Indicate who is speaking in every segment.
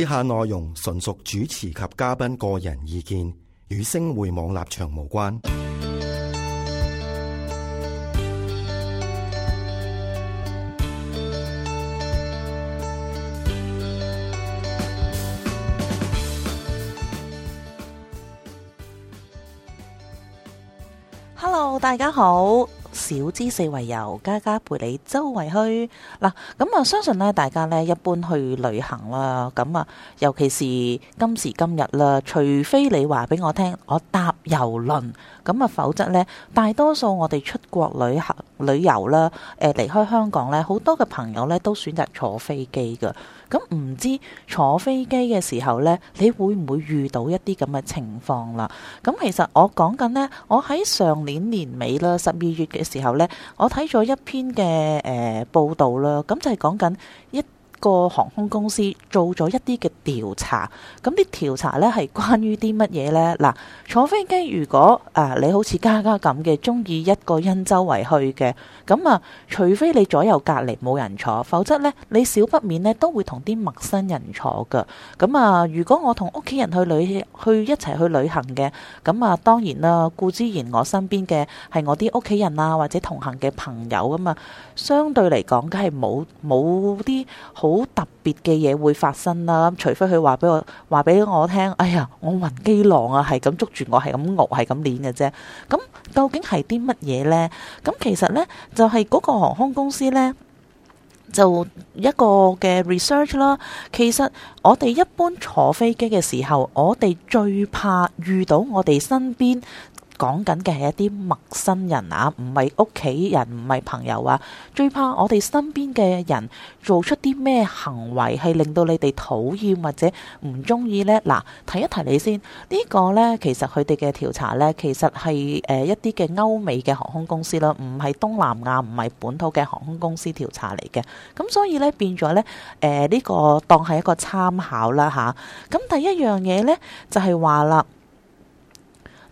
Speaker 1: 以下內容純屬主持及嘉賓個人意見，與星匯網立場無關。Hello，大家好。小資四圍遊，家家陪你周圍去嗱，咁啊，相信呢大家呢一般去旅行啦，咁啊，尤其是今時今日啦，除非你話俾我聽，我搭郵輪。咁啊，否則呢，大多數我哋出國旅行旅遊啦，誒、呃、離開香港呢，好多嘅朋友呢都選擇坐飛機㗎。咁、嗯、唔知坐飛機嘅時候呢，你會唔會遇到一啲咁嘅情況啦？咁、嗯、其實我講緊呢，我喺上年年尾啦，十二月嘅時候呢，我睇咗一篇嘅誒、呃、報道啦，咁、嗯、就係講緊一個航空公司做咗一啲嘅調查，咁啲調查呢係關於啲乜嘢呢？嗱、啊，坐飛機如果啊你好似家家咁嘅，中意一個人周圍去嘅，咁啊，除非你左右隔離冇人坐，否則呢，你少不免咧都會同啲陌生人坐嘅。咁啊，如果我同屋企人去旅去一齊去旅行嘅，咁啊當然啦，固之然我身邊嘅係我啲屋企人啊，或者同行嘅朋友啊嘛，相對嚟講梗係冇冇啲好特別嘅嘢會發生啦，除非佢話俾我話俾我聽，哎呀，我暈機浪呀，係咁捉住我，係咁熬，係咁攣嘅啫。咁究竟係啲乜嘢呢？咁其實呢，就係、是、嗰個航空公司呢，就一個嘅 research 啦。其實我哋一般坐飛機嘅時候，我哋最怕遇到我哋身邊。講緊嘅係一啲陌生人啊，唔係屋企人，唔係朋友啊，最怕我哋身邊嘅人做出啲咩行為，係令到你哋討厭或者唔中意呢？嗱，提一提你先，呢、這個呢，其實佢哋嘅調查呢，其實係誒一啲嘅歐美嘅航空公司啦，唔係東南亞，唔係本土嘅航空公司調查嚟嘅。咁所以呢，變咗呢，誒、呃、呢、這個當係一個參考啦吓。咁、啊、第一樣嘢呢，就係話啦。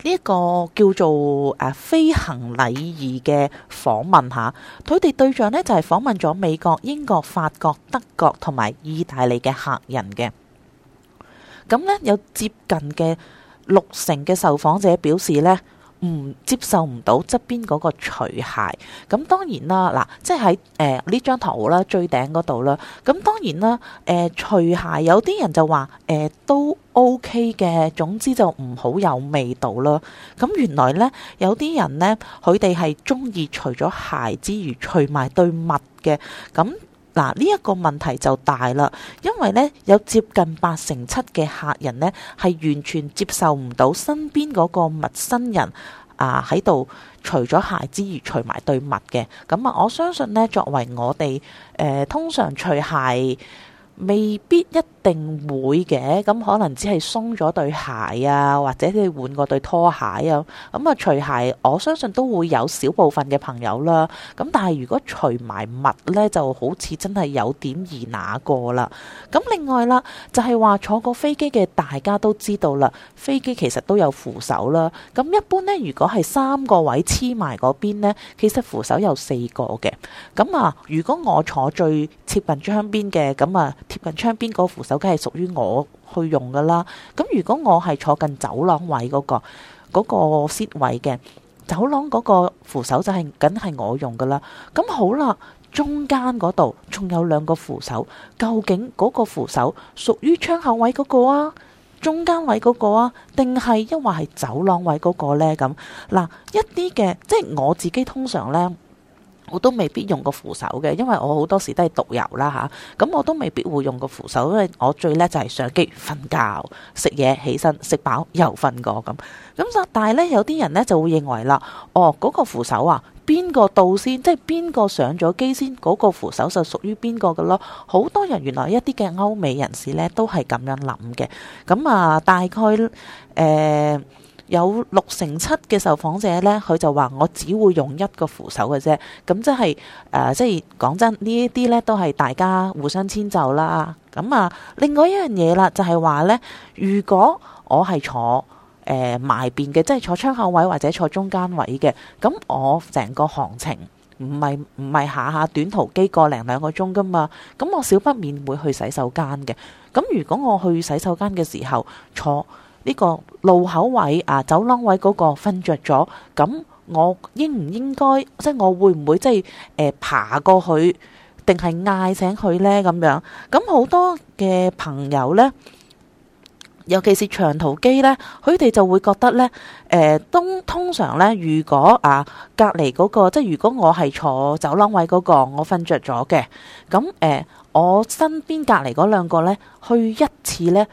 Speaker 1: 呢一個叫做誒飛，啊、行禮儀嘅訪問嚇，佢哋對象呢就係、係、訪問咗美國、英國、法國、德國同埋意大利嘅客人嘅。咁呢，有接近嘅六成嘅受訪者表示呢，唔、嗯、接受唔到側邊嗰個除鞋。咁、嗯、當然啦，嗱，即係喺誒呢張圖啦，最頂嗰度啦。咁、嗯、當然啦，誒、呃、除鞋有啲人就話誒、呃、都。O K 嘅，總之就唔好有味道啦。咁、嗯、原來咧，有啲人咧，佢哋係中意除咗鞋之餘，餘除埋對襪嘅。咁、嗯、嗱，呢一、這個問題就大啦，因為咧有接近八成七嘅客人咧，係完全接受唔到身邊嗰個陌生人啊喺度除咗鞋之餘除埋對襪嘅。咁、嗯、啊，我相信咧，作為我哋誒、呃，通常除鞋未必一。定會嘅，咁可能只係鬆咗對鞋啊，或者你換過對拖鞋啊。咁、嗯、啊，除鞋我相信都會有少部分嘅朋友啦。咁但係如果除埋襪咧，就好似真係有點易那個啦。咁另外啦，就係話坐過飛機嘅大家都知道啦，飛機其實都有扶手啦。咁、嗯、一般咧，如果係三個位黐埋嗰邊咧，其實扶手有四個嘅。咁、嗯、啊，如果我坐最接近、嗯、貼近窗邊嘅，咁啊貼近窗邊個扶手梗係屬於我去用噶啦，咁如果我係坐近走廊位嗰個嗰個 Seat 位嘅，走廊嗰個扶手就係梗係我用噶啦。咁好啦，中間嗰度仲有兩個扶手，究竟嗰個扶手屬於窗口位嗰個啊，中間位嗰個啊，定係因為係走廊位嗰個呢？咁嗱，一啲嘅，即係我自己通常呢。我都未必用個扶手嘅，因為我好多時都係獨遊啦吓，咁、啊、我都未必會用個扶手，因為我最叻就係上機瞓覺、食嘢、起身食飽又瞓過咁。咁但係咧，有啲人咧就會認為啦，哦，嗰個扶手啊，邊個到先，即係邊個上咗機先，嗰個扶手就屬於邊個嘅咯。好多人原來一啲嘅歐美人士咧都係咁樣諗嘅。咁啊，大概誒。呃有六成七嘅受訪者呢，佢就話：我只會用一個扶手嘅啫。咁即係誒，即係講真，呢一啲呢，都係大家互相遷就啦。咁啊，另外一樣嘢啦，就係話呢：如果我係坐誒埋、呃、邊嘅，即係坐窗口位或者坐中間位嘅，咁我成個行程唔係唔係下下短途機個零兩個鐘噶嘛。咁我少不免會去洗手間嘅。咁如果我去洗手間嘅時候坐。呢個路口位啊，走廊位嗰個瞓着咗，咁、嗯、我應唔應該，即係我會唔會即係誒爬過去，定係嗌醒佢呢？咁樣？咁、嗯、好多嘅朋友呢，尤其是長途機呢，佢哋就會覺得呢：呃「誒通通常呢，如果啊隔離嗰、那個，即係如果我係坐走廊位嗰、那個，我瞓着咗嘅，咁、嗯、誒、呃、我身邊隔離嗰兩個呢，去一次呢，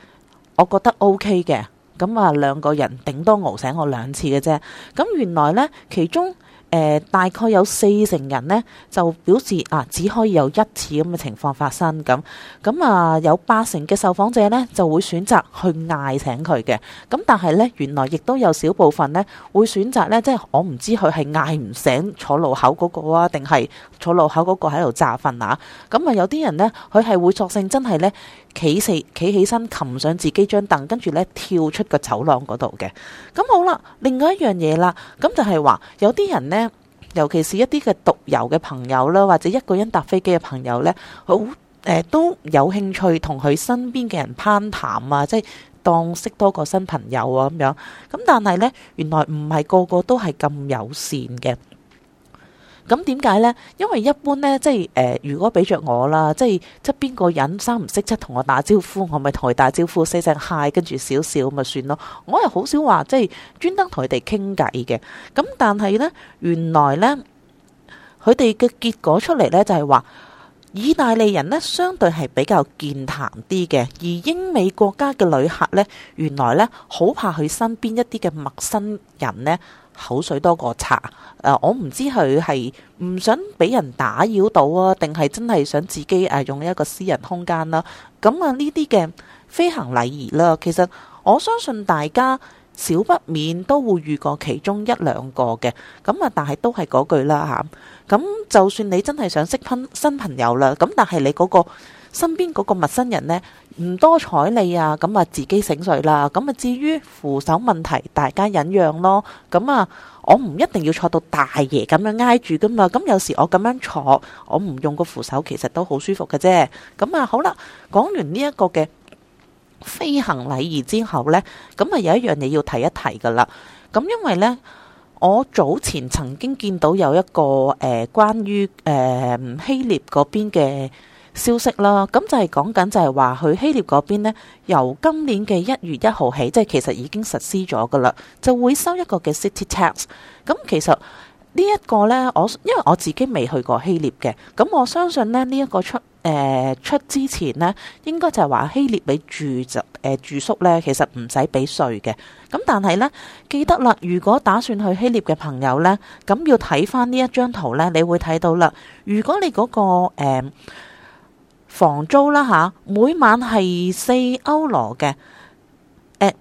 Speaker 1: 我覺得 OK 嘅。咁啊，兩個人頂多熬醒我兩次嘅啫。咁原來呢，其中誒、呃、大概有四成人呢，就表示啊，只可以有一次咁嘅情況發生。咁咁啊，有八成嘅受訪者呢，就會選擇去嗌醒佢嘅。咁但係呢，原來亦都有少部分呢，會選擇呢，即係我唔知佢係嗌唔醒坐路口嗰個啊，定係坐路口嗰個喺度詐瞓啊。咁啊，有啲人呢，佢係會索性，真係呢。企四企起身，擒上自己張凳，跟住咧跳出個走廊嗰度嘅。咁好啦，另外一樣嘢啦，咁就係話有啲人呢，尤其是一啲嘅獨遊嘅朋友啦，或者一個人搭飛機嘅朋友呢，好誒、呃、都有興趣同佢身邊嘅人攀談啊，即係當識多個新朋友啊咁樣。咁但係呢，原來唔係個個都係咁友善嘅。咁點解呢？因為一般呢，即係誒、呃，如果俾着我啦，即係側邊個人三唔識七同我打招呼，我咪同佢打招呼，四聲「嗨」，跟住少少咪算咯。我又好少話，即係專登同佢哋傾偈嘅。咁但係呢，原來呢，佢哋嘅結果出嚟呢，就係、是、話，意大利人呢，相對係比較健談啲嘅，而英美國家嘅旅客呢，原來呢，好怕佢身邊一啲嘅陌生人呢。口水多過茶，誒、啊，我唔知佢係唔想俾人打擾到啊，定係真係想自己誒用一個私人空間啦。咁啊，呢啲嘅飛行禮儀啦，其實我相信大家少不免都會遇過其中一兩個嘅。咁啊，但係都係嗰句啦吓。咁、啊啊、就算你真係想識新新朋友啦，咁但係你嗰、嗰個。身邊嗰個陌生人呢，唔多睬你啊！咁啊，自己醒水啦。咁啊，至於扶手問題，大家忍讓咯。咁啊，我唔一定要坐到大爺咁樣挨住噶嘛。咁有時我咁樣坐，我唔用個扶手，其實都好舒服嘅啫。咁啊，好啦，講完呢一個嘅飛行禮儀之後呢，咁啊有一樣嘢要提一提噶啦。咁因為呢，我早前曾經見到有一個誒、呃、關於誒、呃、希臘嗰邊嘅。消息啦，咁就係講緊就係話去希臘嗰邊咧，由今年嘅一月一號起，即係其實已經實施咗噶啦，就會收一個嘅 city tax。咁、嗯、其實呢一個呢，我因為我自己未去過希臘嘅，咁、嗯、我相信咧呢一個出誒、呃、出之前呢，應該就係話希臘你住就誒、呃、住宿呢其實唔使俾稅嘅。咁、嗯、但係呢，記得啦，如果打算去希臘嘅朋友呢，咁、嗯、要睇翻呢一張圖呢，你會睇到啦。如果你嗰、嗰個、呃房租啦吓，每晚係四歐羅嘅。4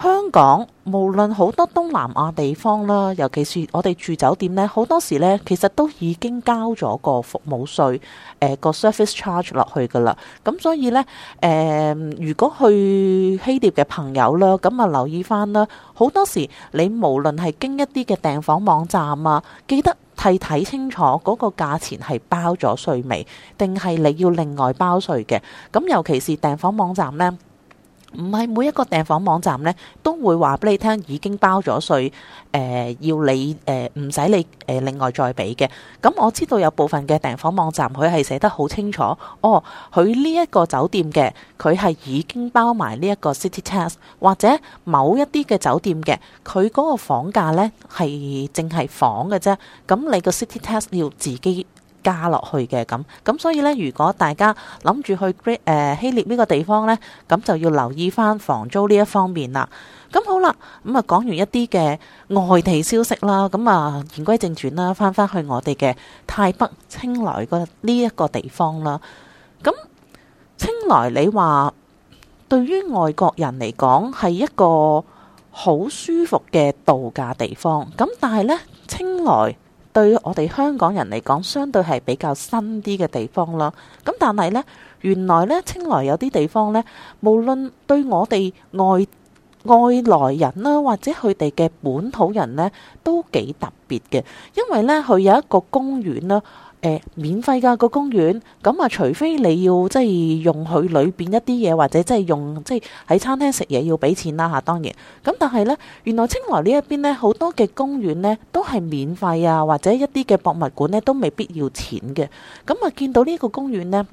Speaker 1: 香港無論好多東南亞地方啦，尤其是我哋住酒店咧，好多時咧，其實都已經交咗個服務稅，誒、呃、個 service charge 落去噶啦。咁所以咧，誒、呃、如果去希蝶嘅朋友啦，咁啊留意翻啦，好多時你無論係經一啲嘅訂房網站啊，記得係睇清楚嗰個價錢係包咗稅未，定係你要另外包稅嘅。咁尤其是訂房網站咧。唔係每一個訂房網站咧，都會話俾你聽已經包咗稅。誒、呃，要你誒，唔、呃、使你誒、呃，另外再俾嘅。咁、嗯、我知道有部分嘅訂房網站佢係寫得好清楚。哦，佢呢一個酒店嘅佢係已經包埋呢一個 city tax 或者某一啲嘅酒店嘅佢嗰個房價呢係淨係房嘅啫。咁、嗯、你個 city tax 要自己。加落去嘅咁，咁所以咧，如果大家諗住去 g rid，呃、希臘呢個地方咧，咁就要留意翻房租呢一方面啦。咁好啦，咁啊講完一啲嘅外地消息啦，咁啊言歸正傳啦，翻翻去我哋嘅泰北青來個呢一個地方啦。咁青來，你話對於外國人嚟講係一個好舒服嘅度假地方，咁但係咧青來。對我哋香港人嚟講，相對係比較新啲嘅地方咯。咁但係呢，原來呢，清萊有啲地方呢，無論對我哋外外來人啦，或者佢哋嘅本土人呢，都幾特別嘅，因為呢，佢有一個公園啦。誒、呃，免費噶、那個公園，咁、嗯、啊，除非你要即係用佢裏邊一啲嘢，或者即係用即係喺餐廳食嘢要俾錢啦吓、啊，當然。咁、嗯、但係呢原來清萊呢一邊呢好多嘅公園呢都係免費啊，或者一啲嘅博物館呢都未必要錢嘅。咁、嗯、啊，見到呢個公園呢，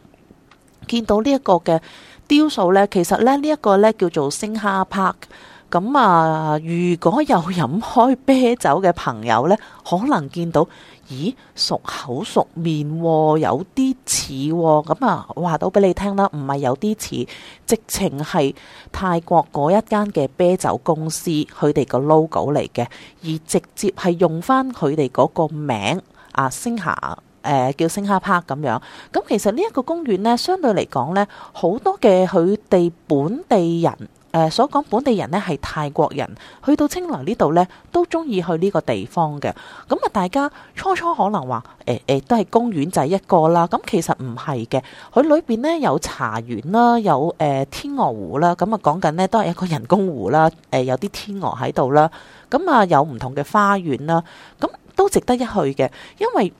Speaker 1: 見到呢一個嘅雕塑呢，其實呢呢一、這個呢叫做星哈 Park、嗯。咁、嗯、啊，如果有飲開啤酒嘅朋友呢，可能見到。咦，熟口熟面，啊，有啲似咁啊！話到俾你聽啦，唔係有啲似，直情係泰國嗰一間嘅啤酒公司，佢哋個 logo 嚟嘅，而直接係用翻佢哋嗰個名啊，星霞誒、呃，叫星霞 park 咁樣。咁、嗯、其實呢一個公園呢，相對嚟講呢，好多嘅佢哋本地人。誒、呃、所講本地人咧係泰國人，去到青涼呢度咧都中意去呢個地方嘅。咁啊，大家初初可能話誒誒都係公園仔一個啦。咁其實唔係嘅，佢裏邊咧有茶園啦，有誒、呃、天鵝湖啦。咁啊講緊咧都係一個人工湖啦。誒、呃、有啲天鵝喺度啦。咁、呃、啊有唔同嘅花園啦。咁都值得一去嘅，因為。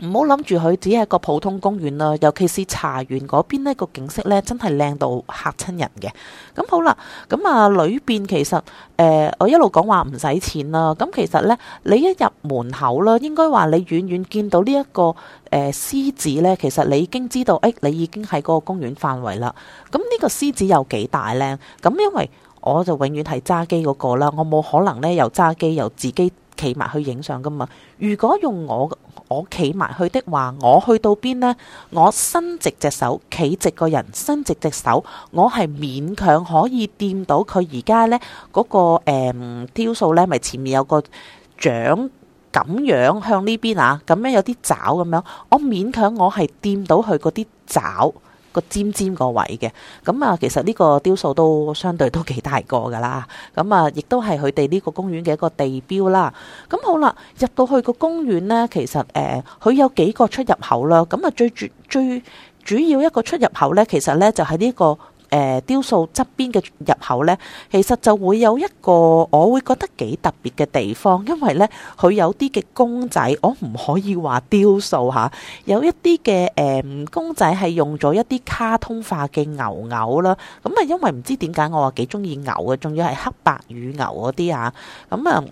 Speaker 1: 唔好諗住佢只係個普通公園啦，尤其是茶園嗰邊呢個景色呢，真係靚到吓親人嘅。咁、嗯、好啦，咁啊裏邊其實誒、呃，我一路講話唔使錢啦。咁、嗯、其實呢，你一入門口啦，應該話你遠遠見到呢、這、一個誒獅、呃、子呢，其實你已經知道，誒、哎、你已經喺嗰個公園範圍啦。咁、嗯、呢、這個獅子有幾大靚？咁、嗯、因為我就永遠係揸機嗰個啦，我冇可能呢又揸機又自己。企埋去影相噶嘛？如果用我我企埋去的話，我去到邊呢？我伸直隻手，企直個人，伸直隻手，我係勉強可以掂到佢而家呢，嗰、嗰個誒雕塑咧，咪、嗯、前面有個掌咁樣向呢邊啊？咁樣有啲爪咁樣，我勉強我係掂到佢嗰啲爪。尖尖個位嘅，咁啊，其實呢個雕塑都相對都幾大個噶啦，咁啊，亦都係佢哋呢個公園嘅一個地標啦。咁好啦，入到去個公園呢，其實誒，佢、呃、有幾個出入口啦，咁啊，最主最主要一個出入口呢，其實呢，就係、是、呢、呢個。.誒、呃，雕塑側邊嘅入口呢，其實就會有一個我會覺得幾特別嘅地方，因為呢，佢有啲嘅公仔，我唔可以話雕塑吓、啊，有一啲嘅誒公仔係用咗一啲卡通化嘅牛牛啦。咁、嗯、啊，因為唔知點解我話幾中意牛嘅牛啊，仲要係黑白乳牛嗰啲啊。咁、嗯、啊，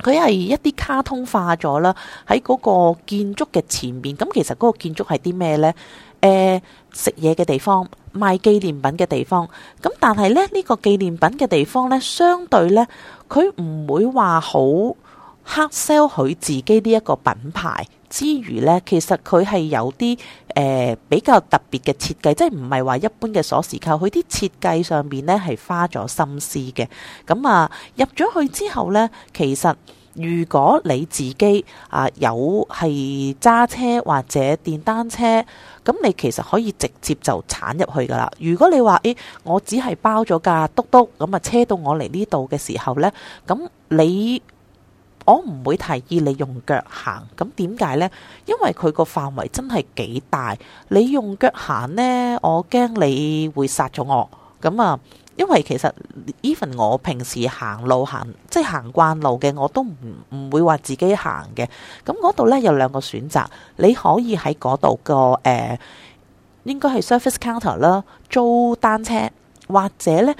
Speaker 1: 佢係一啲卡通化咗啦，喺嗰個建築嘅前面咁、嗯、其實嗰個建築係啲咩呢？誒，食嘢嘅地方賣紀念品嘅地方咁，但係咧呢、這個紀念品嘅地方呢，相對呢，佢唔會話好 hard sell 佢自己呢一個品牌之餘呢，其實佢係有啲誒、呃、比較特別嘅設計，即係唔係話一般嘅鎖匙扣，佢啲設計上面呢，係花咗心思嘅。咁啊入咗去之後呢，其實。如果你自己啊有係揸車或者電單車，咁你其實可以直接就鏟入去噶啦。如果你話誒、欸，我只係包咗架嘟嘟，咁啊車到我嚟呢度嘅時候呢，咁你我唔會提議你用腳行。咁點解呢？因為佢個範圍真係幾大，你用腳行呢，我驚你會殺咗我。咁啊～因為其實 even 我平時行路行即係行慣路嘅，我都唔唔會話自己行嘅。咁嗰度呢，有兩個選擇，你可以喺嗰度個誒應該係 surface counter 啦，租單車或者呢誒、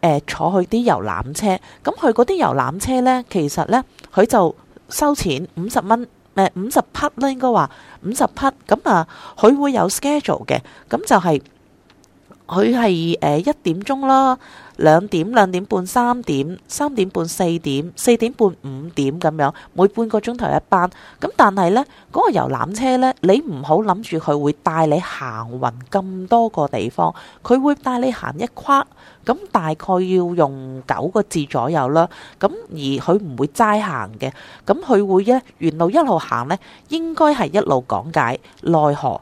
Speaker 1: 呃、坐去啲遊覽車。咁佢嗰啲遊覽車呢，其實呢，佢就收錢五十蚊誒五十匹啦，應該話五十匹。咁啊，佢會有 schedule 嘅，咁就係、是。佢係誒一點鐘啦，兩點、兩點半、三點、三點半、四點、四點半、五點咁樣，每半個鐘頭一班。咁但係呢，嗰、那個遊覽車呢，你唔好諗住佢會帶你行匀咁多個地方，佢會帶你行一框，咁大概要用九個字左右啦。咁而佢唔會齋行嘅，咁佢會一沿路一路行呢，應該係一路講解奈何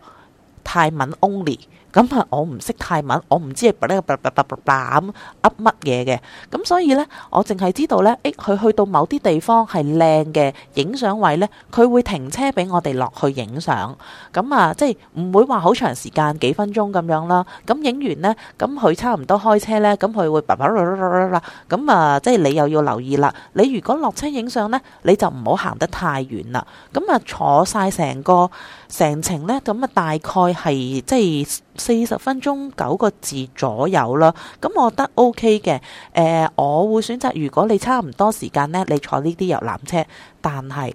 Speaker 1: 泰文 only。咁啊，我唔識泰文，我唔知係嗶嗶嗶嗶嗶咁噏乜嘢嘅。咁所以呢，我淨係知道呢，誒，佢去到某啲地方係靚嘅影相位呢，佢會停車俾我哋落去影相。咁啊，即係唔會話好長時間幾分鐘咁樣啦。咁影完呢，咁佢差唔多開車呢，咁佢會叭叭碌碌碌碌啦。咁啊，即係你又要留意啦。你如果落車影相呢，你就唔好行得太遠啦。咁啊，坐晒成個。成程呢，咁啊，大概係即係四十分鐘九個字左右啦。咁我覺得 OK 嘅。誒、呃，我會選擇，如果你差唔多時間呢，你坐呢啲遊覽車。但係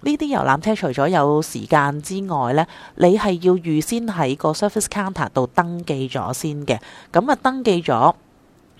Speaker 1: 呢啲遊覽車除咗有時間之外呢，你係要預先喺個 Surface Counter 度登記咗先嘅。咁啊，登記咗。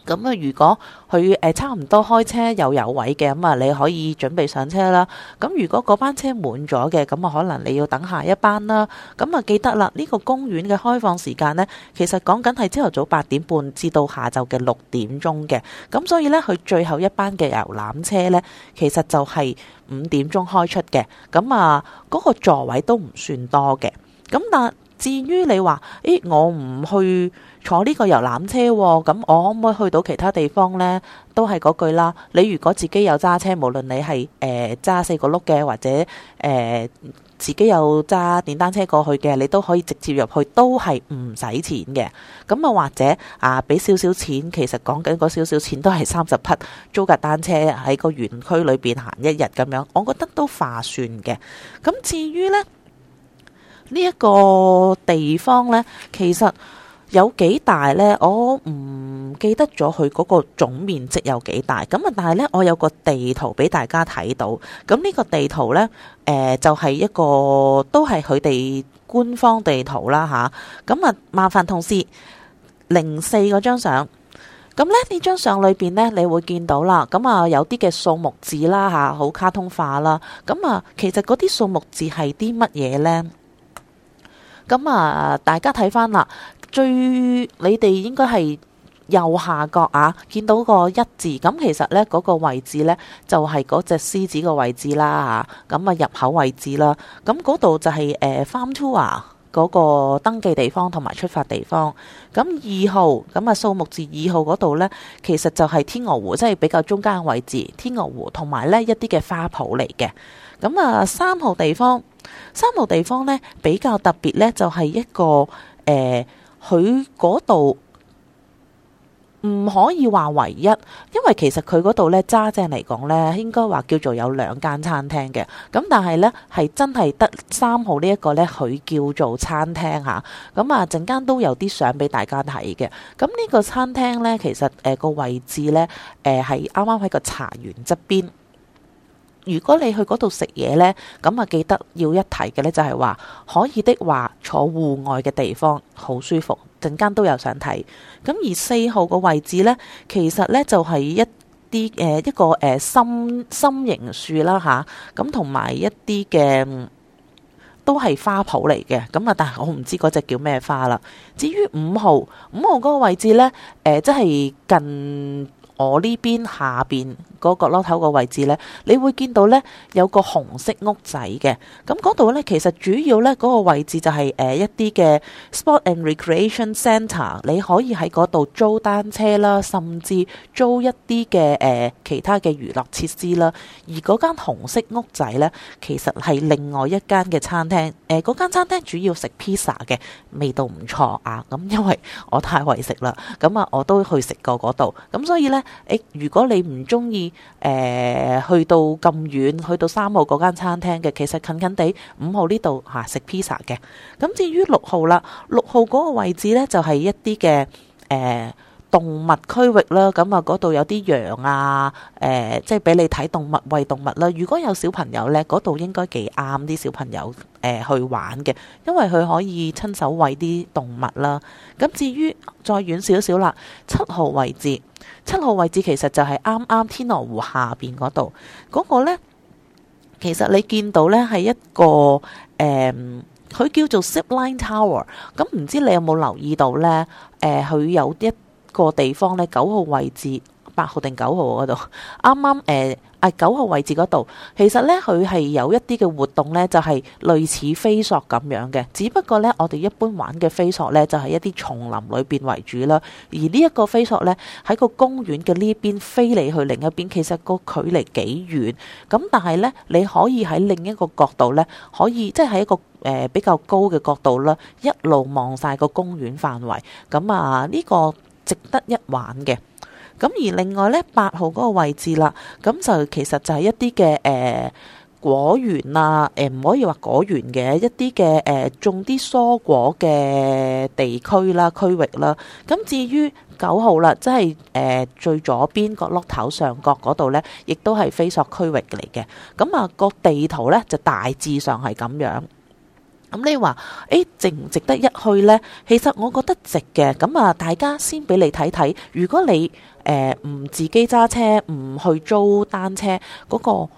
Speaker 1: 咁啊，如果佢誒差唔多開車又有位嘅，咁啊你可以準備上車啦。咁如果嗰班車滿咗嘅，咁啊可能你要等下一班啦。咁啊記得啦，呢個公園嘅開放時間呢，其實講緊係朝頭早八點半至到下晝嘅六點鐘嘅。咁所以呢，佢最後一班嘅遊覽車呢，其實就係五點鐘開出嘅。咁啊，嗰個座位都唔算多嘅。咁但至於你話，誒我唔去。坐呢個遊覽車，咁我可唔可以去到其他地方呢？都係嗰句啦。你如果自己有揸車，無論你係誒揸四個轆嘅，或者誒、呃、自己有揸電單車過去嘅，你都可以直接入去，都係唔使錢嘅。咁啊，或者啊，俾少少錢，其實講緊嗰少少錢都係三十蚊租架單車喺個園區裏邊行一日咁樣，我覺得都划算嘅。咁至於呢，呢、這、一個地方呢，其實～有幾大呢？我唔記得咗佢嗰個總面積有幾大咁啊。但係呢，我有個地圖俾大家睇到。咁呢個地圖呢，誒、呃、就係、是、一個都係佢哋官方地圖啦，吓，咁啊，麻煩同事零四嗰張相咁呢，張呢張相裏邊呢，你會見到啦。咁啊，有啲嘅數目字啦吓，好、啊、卡通化啦。咁啊，其實嗰啲數目字係啲乜嘢呢？咁啊，大家睇翻啦。最你哋應該係右下角啊，見到個一字咁，其實咧嗰、嗰個位置咧就係嗰隻獅子嘅位置啦啊，咁啊入口位置啦，咁嗰度就係、是、誒、呃、Farm Tour 啊嗰個登記地方同埋出發地方。咁二號咁啊，數目字二號嗰度咧，其實就係天鵝湖，即、就、係、是、比較中間嘅位置。天鵝湖同埋咧一啲嘅花圃嚟嘅。咁啊三號地方，三號地方咧比較特別咧，就係一個誒、呃佢嗰度唔可以話唯一，因為其實佢嗰度咧揸正嚟講咧，應該話叫做有兩間餐廳嘅。咁但係咧係真係得三號呢一個咧，佢叫做餐廳吓。咁啊陣間都有啲相俾大家睇嘅。咁、啊、呢、呢個餐廳咧，其實誒個、呃、位置咧誒係啱啱喺個茶園側邊。如果你去嗰度食嘢呢，咁啊記得要一提嘅呢，就係話，可以的話坐戶外嘅地方好舒服，陣間都有想睇。咁而四號個位置呢，其實呢就係一啲誒一個誒心心形樹啦吓，咁同埋一啲嘅都係花圃嚟嘅。咁啊，但係我唔知嗰隻叫咩花啦。至於五號，五號嗰個位置呢，誒即係近。我呢邊下邊嗰角落頭個位置呢，你會見到呢有個紅色屋仔嘅。咁嗰度呢，其實主要呢嗰個位置就係，誒，一啲嘅 sport and recreation center，你可以喺嗰度租單車啦，甚至租一啲嘅誒其他嘅娛樂設施啦。而嗰間紅色屋仔呢，其實係另外一間嘅餐廳。誒，嗰間餐廳主要食 pizza 嘅，味道唔錯啊。咁，啊，因為我太為食啦，咁啊我都去食過嗰度，咁所以呢。誒，如果你唔中意誒，去到咁遠，去到三號嗰間餐廳嘅，其實近近地五號呢度吓食披薩嘅。咁、啊、至於六號啦，六號嗰個位置呢，就係、是、一啲嘅誒動物區域啦。咁啊，嗰度有啲羊啊，誒、呃，即係俾你睇動物餵動物啦。如果有小朋友呢，嗰度應該幾啱啲小朋友誒、呃、去玩嘅，因為佢可以親手餵啲動物啦。咁至於再遠少少啦，七號位置。七號位置其實就係啱啱天鵝湖下邊嗰度嗰個呢，其實你見到呢係一個誒，佢、嗯、叫做 Ship Line Tower、嗯。咁唔知你有冇留意到呢？誒、呃，佢有一個地方呢，九號位置。八號定九號嗰度，啱啱誒啊九號位置嗰度，其實咧佢係有一啲嘅活動咧，就係類似飛索咁樣嘅。只不過咧，我哋一般玩嘅飛索咧，就係一啲叢林裏邊為主啦。而呢一個飛索咧，喺個公園嘅呢邊飛離去另一邊，其實個距離幾遠。咁但係咧，你可以喺另一個角度咧，可以即係喺一個誒比較高嘅角度啦，一路望晒個公園範圍。咁啊，呢個值得一玩嘅。咁而另外咧，八號嗰個位置啦，咁就其實就係一啲嘅誒果園啊，誒、呃、唔可以話果園嘅一啲嘅誒種啲蔬果嘅地區啦區域啦。咁至於九號啦，即係誒、呃、最左邊角落頭上角嗰度咧，亦都係飛索區域嚟嘅。咁、那、啊個地圖咧就大致上係咁樣。咁你話誒、欸、值唔值得一去呢？其實我覺得值嘅。咁啊，大家先俾你睇睇。如果你誒唔、呃、自己揸車，唔去租單車，嗰、那個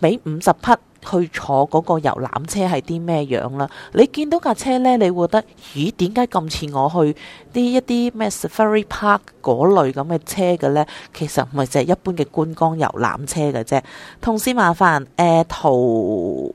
Speaker 1: 俾五十匹去坐嗰個遊覽車係啲咩樣啦？你見到架車呢，你會覺得咦？點解咁似我去啲一啲咩 Safari Park 嗰類咁嘅車嘅呢？其實唔係就係一般嘅觀光遊覽車嘅啫。同時麻煩誒、欸、圖五。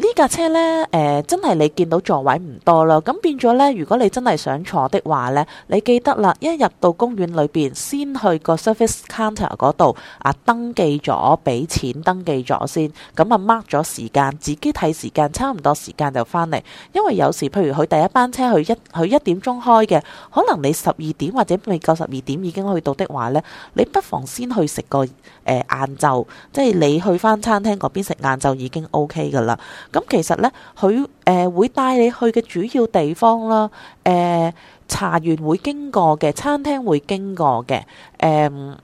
Speaker 1: 呢架車呢，誒、呃、真係你見到座位唔多咯，咁變咗呢，如果你真係想坐的話呢，你記得啦，一入到公園裏邊，先去個 service counter 嗰度啊，登記咗，俾錢登記咗先，咁啊 mark 咗時間，自己睇時間，差唔多時間就翻嚟。因為有時譬如佢第一班車去一佢一點鐘開嘅，可能你十二點或者未夠十二點已經去到的話呢，你不妨先去食個誒晏晝，即係你去翻餐廳嗰邊食晏晝已經 OK 㗎啦。咁其實呢，佢誒、呃、會帶你去嘅主要地方啦。誒、呃、茶園會經過嘅，餐廳會經過嘅。誒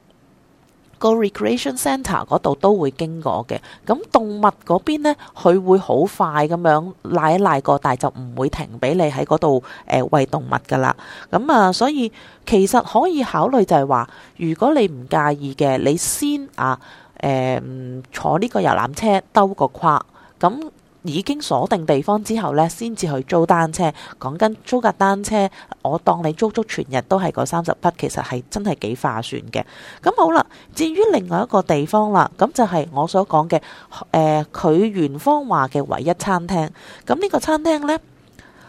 Speaker 1: 個 recreation centre 嗰度都會經過嘅。咁、呃、動物嗰邊咧，佢會好快咁樣瀨一瀨過，大，就唔會停俾你喺嗰度誒餵動物噶啦。咁、呃、啊，所以其實可以考慮就係話，如果你唔介意嘅，你先啊誒、呃、坐呢個遊覽車兜個框咁。呃已經鎖定地方之後呢，先至去租單車。講緊租架單車，我當你租足全日都係嗰三十匹，其實係真係幾划算嘅。咁好啦，至於另外一個地方啦，咁就係我所講嘅誒，佢、呃、園方話嘅唯一餐廳。咁呢個餐廳呢，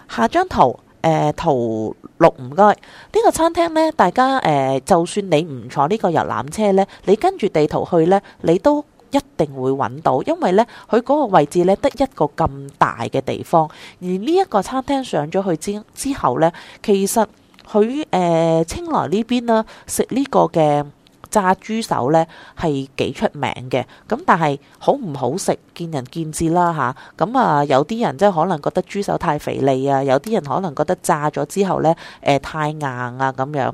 Speaker 1: 下張圖誒、呃、圖六唔該。呢、呢個餐廳呢，大家誒、呃，就算你唔坐呢個遊覽車呢，你跟住地圖去呢，你都，一定會揾到，因為咧，佢嗰個位置咧得一個咁大嘅地方，而呢一個餐廳上咗去之之後咧，其實佢誒清萊呢邊咧，食呢個嘅炸豬手咧係幾出名嘅，咁但係好唔好食見仁見智啦吓，咁啊，啊有啲人即係可能覺得豬手太肥膩啊，有啲人可能覺得炸咗之後咧誒、呃、太硬啊咁樣。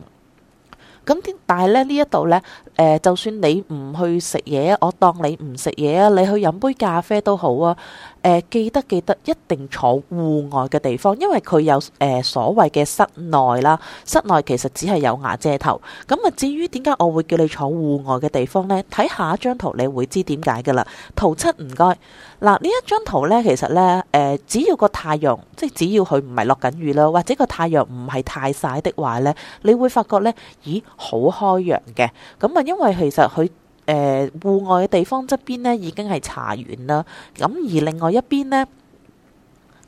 Speaker 1: 咁但係咧呢一度呢，誒、呃、就算你唔去食嘢，我當你唔食嘢啊，你去飲杯咖啡都好啊。誒，記得記得，一定坐戶外嘅地方，因為佢有誒、呃、所謂嘅室內啦。室內其實只係有瓦遮頭。咁啊，至於點解我會叫你坐戶外嘅地方呢？睇下一張圖，你會知點解噶啦。圖七唔該。嗱，呢一張圖呢，其實呢，誒、呃，只要個太陽，即係只要佢唔係落緊雨啦，或者個太陽唔係太曬的話呢，你會發覺呢咦，好開揚嘅。咁啊，因為其實佢。誒、呃，戶外嘅地方側邊呢已經係茶園啦，咁而另外一邊呢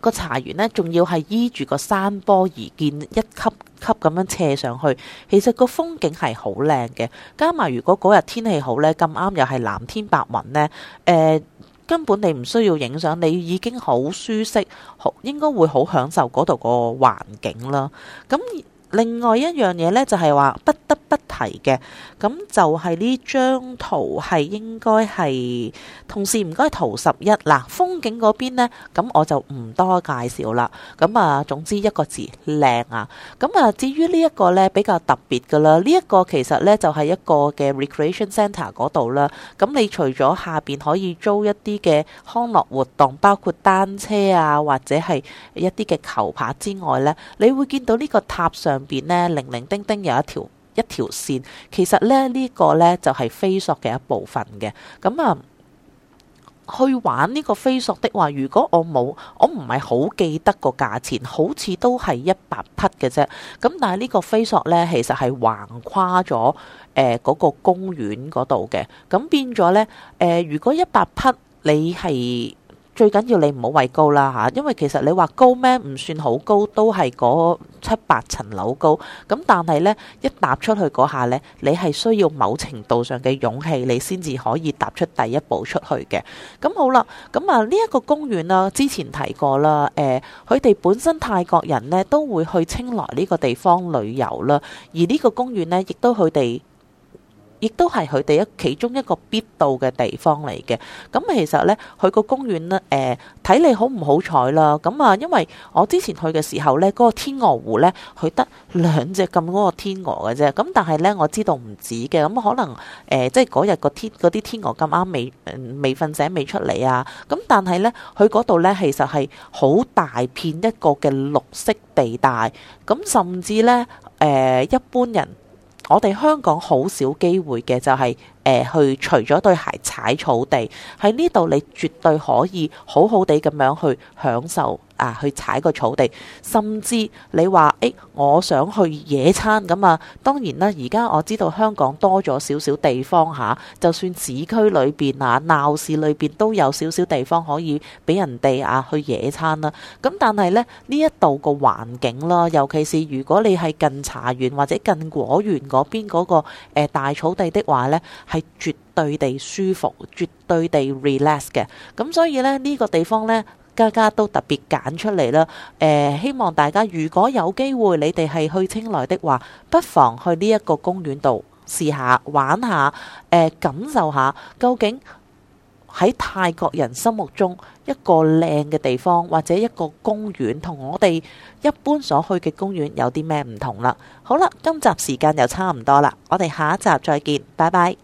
Speaker 1: 個茶園呢，仲要係依住個山坡而建，一級級咁樣斜上去，其實個風景係好靚嘅，加埋如果嗰日天氣好呢，咁啱又係藍天白雲呢，誒、呃，根本你唔需要影相，你已經好舒適，好應該會好享受嗰度個環境啦，咁、嗯。另外一樣嘢咧，就係話不得不提嘅，咁就係呢張圖係應該係，同時唔該圖十一嗱，風景嗰邊咧，咁我就唔多介紹啦。咁啊，總之一個字靚啊。咁啊，至於呢一個呢，比較特別㗎啦，呢、這、一個其實呢，就係、是、一個嘅 recreation centre 嗰度啦。咁你除咗下邊可以租一啲嘅康樂活動，包括單車啊，或者係一啲嘅球拍之外呢，你會見到呢個塔上。邊呢，零零丁丁有一條一條線，其實咧呢、呢個呢，就係飛索嘅一部分嘅，咁啊去玩呢個飛索的話，如果我冇，我唔係好記得個價錢，好似都係一百匹嘅啫，咁但係呢個飛索呢，其實係橫跨咗誒嗰個公園嗰度嘅，咁變咗呢，誒、呃、如果一百匹你係。最緊要你唔好畏高啦嚇，因為其實你話高咩唔算好高，都係嗰七八層樓高。咁但係呢，一踏出去嗰下呢，你係需要某程度上嘅勇氣，你先至可以踏出第一步出去嘅。咁好啦，咁啊呢一個公園啦，之前提過啦，誒佢哋本身泰國人呢都會去清萊呢個地方旅遊啦，而呢個公園呢，亦都佢哋。亦都係佢哋一其中一個必到嘅地方嚟嘅。咁其實咧，佢個公園咧，誒、呃，睇你好唔好彩啦。咁啊，因為我之前去嘅時候咧，嗰、那個天鵝湖咧，佢得兩隻咁多個天鵝嘅啫。咁但係咧，我知道唔止嘅。咁可能誒、呃，即係嗰日個天嗰啲天鵝咁啱未未瞓醒未出嚟啊。咁但係咧，佢嗰度咧，其實係好大片一個嘅綠色地帶。咁甚至咧，誒、呃，一般人。我哋香港好少機會嘅就係。誒，去除咗對鞋踩草地，喺呢度你絕對可以好好地咁樣去享受啊！去踩個草地，甚至你話誒、哎，我想去野餐咁啊！當然啦，而家我知道香港多咗少少地方嚇、啊，就算市區裏邊啊、鬧市裏邊都有少少地方可以俾人哋啊去野餐啦。咁、啊、但係呢，呢一度個環境啦，尤其是如果你係近茶園或者近果園嗰邊嗰個、啊、大草地的話呢。啊係絕對地舒服，絕對地 relax 嘅。咁所以呢，呢、這個地方呢，家家都特別揀出嚟啦。誒、呃，希望大家如果有機會，你哋係去清萊的話，不妨去呢一個公園度試下玩下、呃，感受下究竟喺泰國人心目中一個靚嘅地方或者一個公園，同我哋一般所去嘅公園有啲咩唔同啦。好啦，今集時間又差唔多啦，我哋下一集再見，拜拜。